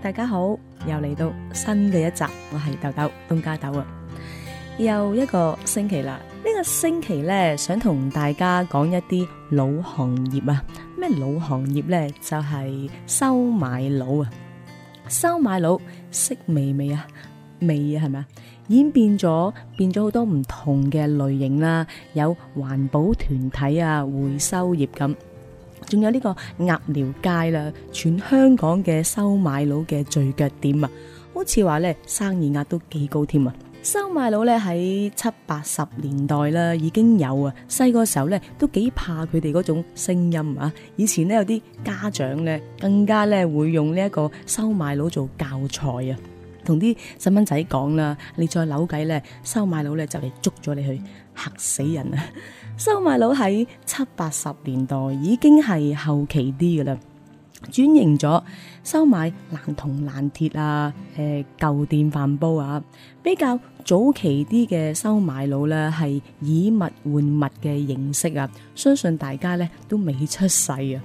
大家好，又嚟到新嘅一集，我係豆豆，東加豆啊！又一個星期啦，呢、這個星期咧，想同大家講一啲老行業啊，咩老行業咧，就係、是、收買佬啊，收買佬識微微啊，味啊係咪啊？演變咗變咗好多唔同嘅類型啦、啊，有環保團體啊，回收業咁、啊。仲有呢個鴨寮街啦，全香港嘅收買佬嘅聚腳點啊，好似話咧，生意額都幾高添啊！收買佬咧，喺七八十年代啦已經有啊，細個時候咧都幾怕佢哋嗰種聲音啊！以前呢，有啲家長咧更加咧會用呢一個收買佬做教材啊！同啲細蚊仔講啦，你再扭計咧，收買佬咧就嚟捉咗你去嚇死人啊！收買佬喺七八十年代已經係後期啲嘅啦，轉型咗收買爛銅爛鐵啊，誒舊電飯煲啊，比較早期啲嘅收買佬咧係以物換物嘅形式啊，相信大家咧都未出世啊，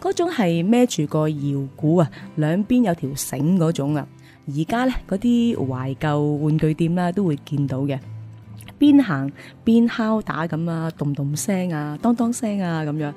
嗰種係孭住個搖鼓啊，兩邊有條繩嗰種啊。而家咧嗰啲懷舊玩具店啦，都會見到嘅，邊行邊敲打咁啊，咚咚聲啊，當當聲啊咁樣。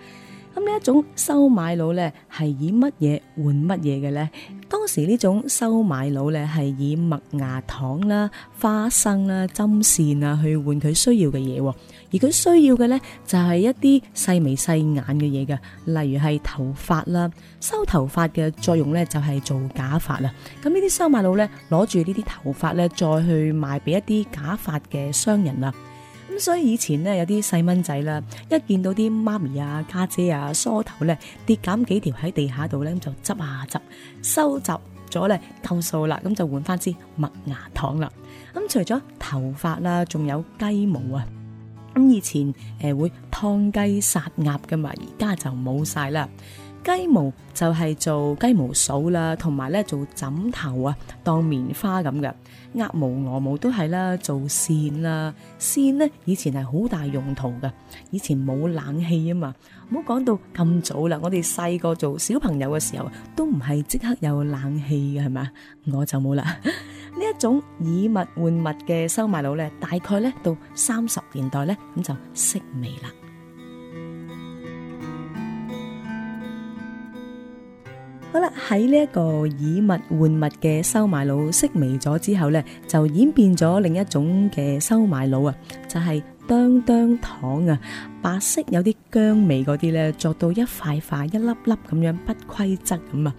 咁呢一種收買佬咧，係以乜嘢換乜嘢嘅咧？當時呢種收買佬咧，係以麥芽糖啦、花生啦、針線啊去換佢需要嘅嘢喎。而佢需要嘅咧，就係一啲細眉細眼嘅嘢嘅，例如係頭髮啦。收頭髮嘅作用咧，就係做假髮喇。咁呢啲收買佬咧，攞住呢啲頭髮咧，再去賣俾一啲假髮嘅商人啦。所以以前咧，有啲細蚊仔啦，一見到啲媽咪啊、家姐啊梳頭咧，跌減幾條喺地下度咧，咁就執下執，收集咗咧夠數啦，咁就換翻支麥芽糖啦。咁除咗頭髮啦，仲有雞毛啊。咁以前誒會劏雞殺鴨噶嘛，而家就冇晒啦。雞毛就係做雞毛掃啦，同埋咧做枕頭啊，當棉花咁嘅。鴨毛、鵝毛都係啦，做線啦。線咧以前係好大用途嘅，以前冇冷氣啊嘛。唔好講到咁早啦，我哋細個做小朋友嘅時候都唔係即刻有冷氣嘅係嘛？我就冇啦。呢一種以物換物嘅收買佬咧，大概咧到三十年代咧咁就式微啦。好啦，喺呢一個以物換物嘅收買佬式微咗之後咧，就演變咗另一種嘅收買佬啊，就係鐺鐺糖啊，白色有啲薑味嗰啲咧，作到一塊塊、一粒粒咁樣不規則咁啊。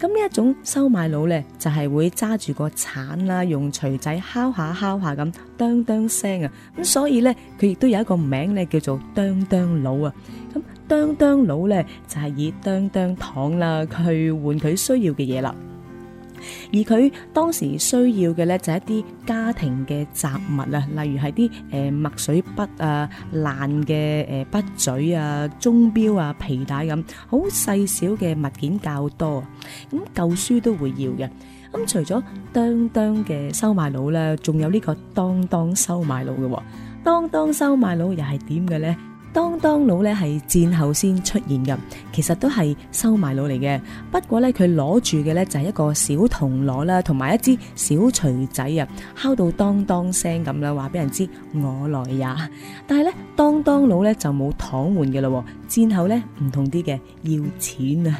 咁呢一種收買佬咧，就係會揸住個鏟啦，用錘仔敲下敲下咁鐺鐺聲啊。咁所以咧，佢亦都有一個名咧，叫做鐺鐺佬啊。咁當當佬咧，就係以當當糖啦去換佢需要嘅嘢啦，而佢當時需要嘅咧就係一啲家庭嘅雜物啊，例如係啲誒墨水筆啊、爛嘅誒筆嘴啊、鐘表啊、皮帶咁，好細小嘅物件較多啊，咁舊書都會要嘅。咁除咗當當嘅收買佬啦，仲有呢個當當收買佬嘅喎。當當收買佬又係點嘅咧？當當佬咧係戰後先出現嘅，其實都係收買佬嚟嘅。不過咧佢攞住嘅咧就係一個小銅鑼啦，同埋一支小錘仔啊，敲到當當聲咁樣，話俾人知我來也。但係咧當當佬咧就冇糖換嘅啦，戰後咧唔同啲嘅，要錢啊！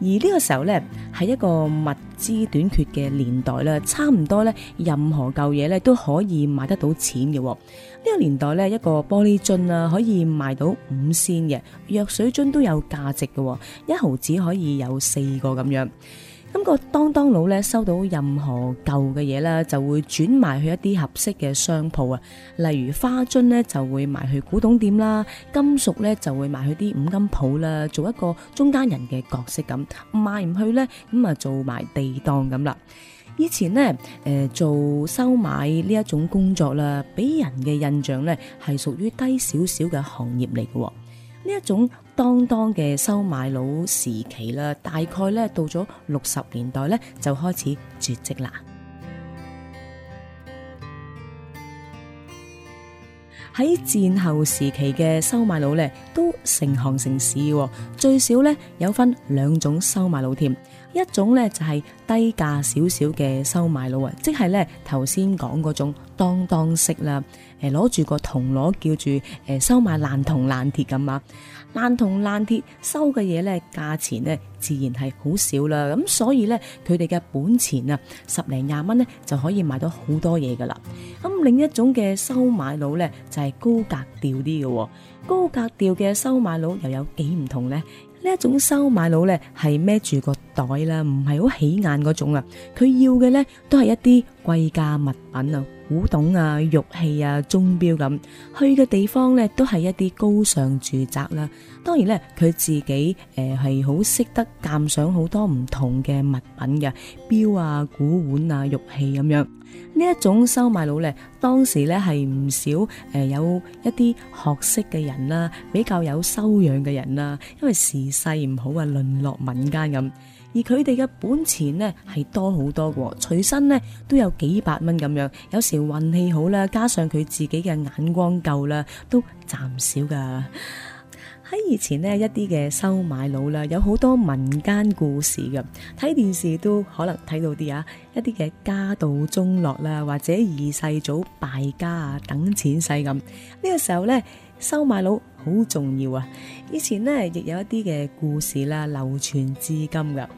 而呢個時候呢，係一個物資短缺嘅年代啦，差唔多呢，任何舊嘢咧都可以賣得到錢嘅。呢個年代呢，一個玻璃樽啊，可以賣到五仙嘅，藥水樽都有價值嘅，一毫紙可以有四個咁樣。咁個當當佬咧收到任何舊嘅嘢啦，就會轉賣去一啲合適嘅商鋪啊，例如花樽咧就會賣去古董店啦，金屬咧就會賣去啲五金鋪啦，做一個中間人嘅角色，咁賣唔去咧，咁啊做埋地檔咁啦。以前誒、呃、做收買呢一種工作啦，俾人嘅印象咧係屬於低少少嘅行業嚟嘅、哦。呢一種當當嘅收買佬時期啦，大概咧到咗六十年代咧就開始絕跡啦。喺戰後時期嘅收買佬咧都成行成市，最少咧有分兩種收買佬添，一種咧就係低價少少嘅收買佬啊，即係咧頭先講嗰種。噹噹式啦，誒，攞住個銅鑼叫住誒，收買爛銅爛鐵咁啊。爛銅爛鐵收嘅嘢咧，價錢呢自然係好少啦。咁所以咧，佢哋嘅本錢啊，十零廿蚊呢，就可以買到好多嘢噶啦。咁另一種嘅收買佬咧就係高格調啲嘅，高格調嘅收買佬又有幾唔同咧？呢一種收買佬咧係孭住個袋啦，唔係好起眼嗰種啊。佢要嘅咧都係一啲貴價物品啊。古董啊、玉器啊、鐘錶咁，去嘅地方呢都係一啲高尚住宅啦。當然呢，佢自己呃係好識得鑑賞好多唔同嘅物品嘅，錶啊、古玩啊、玉器咁樣。呢一種收買佬呢，當時呢係唔少、呃、有一啲學識嘅人啦，比較有修養嘅人啦，因為時勢唔好啊，淪落民間咁。而佢哋嘅本錢呢，係多好多嘅，隨身呢，都有幾百蚊咁樣，有時運氣好啦，加上佢自己嘅眼光夠啦，都賺唔少噶。喺以前呢，一啲嘅收買佬啦，有好多民間故事嘅，睇電視都可能睇到啲啊，一啲嘅家道中落啦，或者二世祖敗家啊，等錢使咁。呢、這個時候呢，收買佬好重要啊。以前呢，亦有一啲嘅故事啦，流傳至今噶。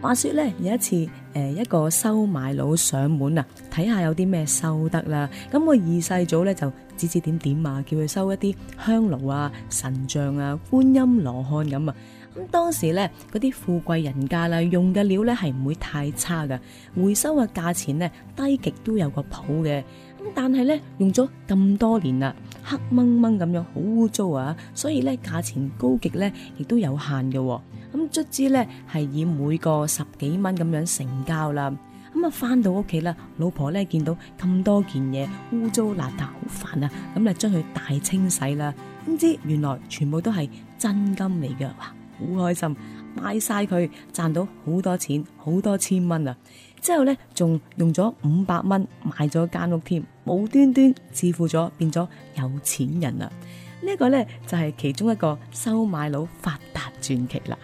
話說咧，有一次，誒、呃，一個收買佬上門啊，睇下有啲咩收得啦。咁我二世祖咧就指指點點啊，叫佢收一啲香爐啊、神像啊、觀音羅漢咁啊。咁當時咧，嗰啲富貴人家啦，用嘅料咧係唔會太差噶，回收嘅價錢呢，低極都有個譜嘅。咁但係咧，用咗咁多年啦，黑掹掹咁樣，好污糟啊，所以咧，價錢高極咧亦都有限嘅，啊。咁卒之咧，係以每個十幾蚊咁樣成交啦。咁啊，翻到屋企啦，老婆咧見到咁多件嘢污糟邋遢，好煩啊！咁啊，將佢大清洗啦。點知原來全部都係真金嚟嘅，哇！好開心，賣晒佢賺到好多錢，好多千蚊啊！之後咧，仲用咗五百蚊買咗間屋，添冇端端致富咗，變咗有錢人啦！呢個呢個咧就係、是、其中一個收買佬發達傳奇啦。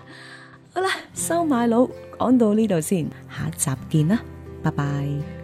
好啦，收買佬講到呢度先，下一集見啦，拜拜。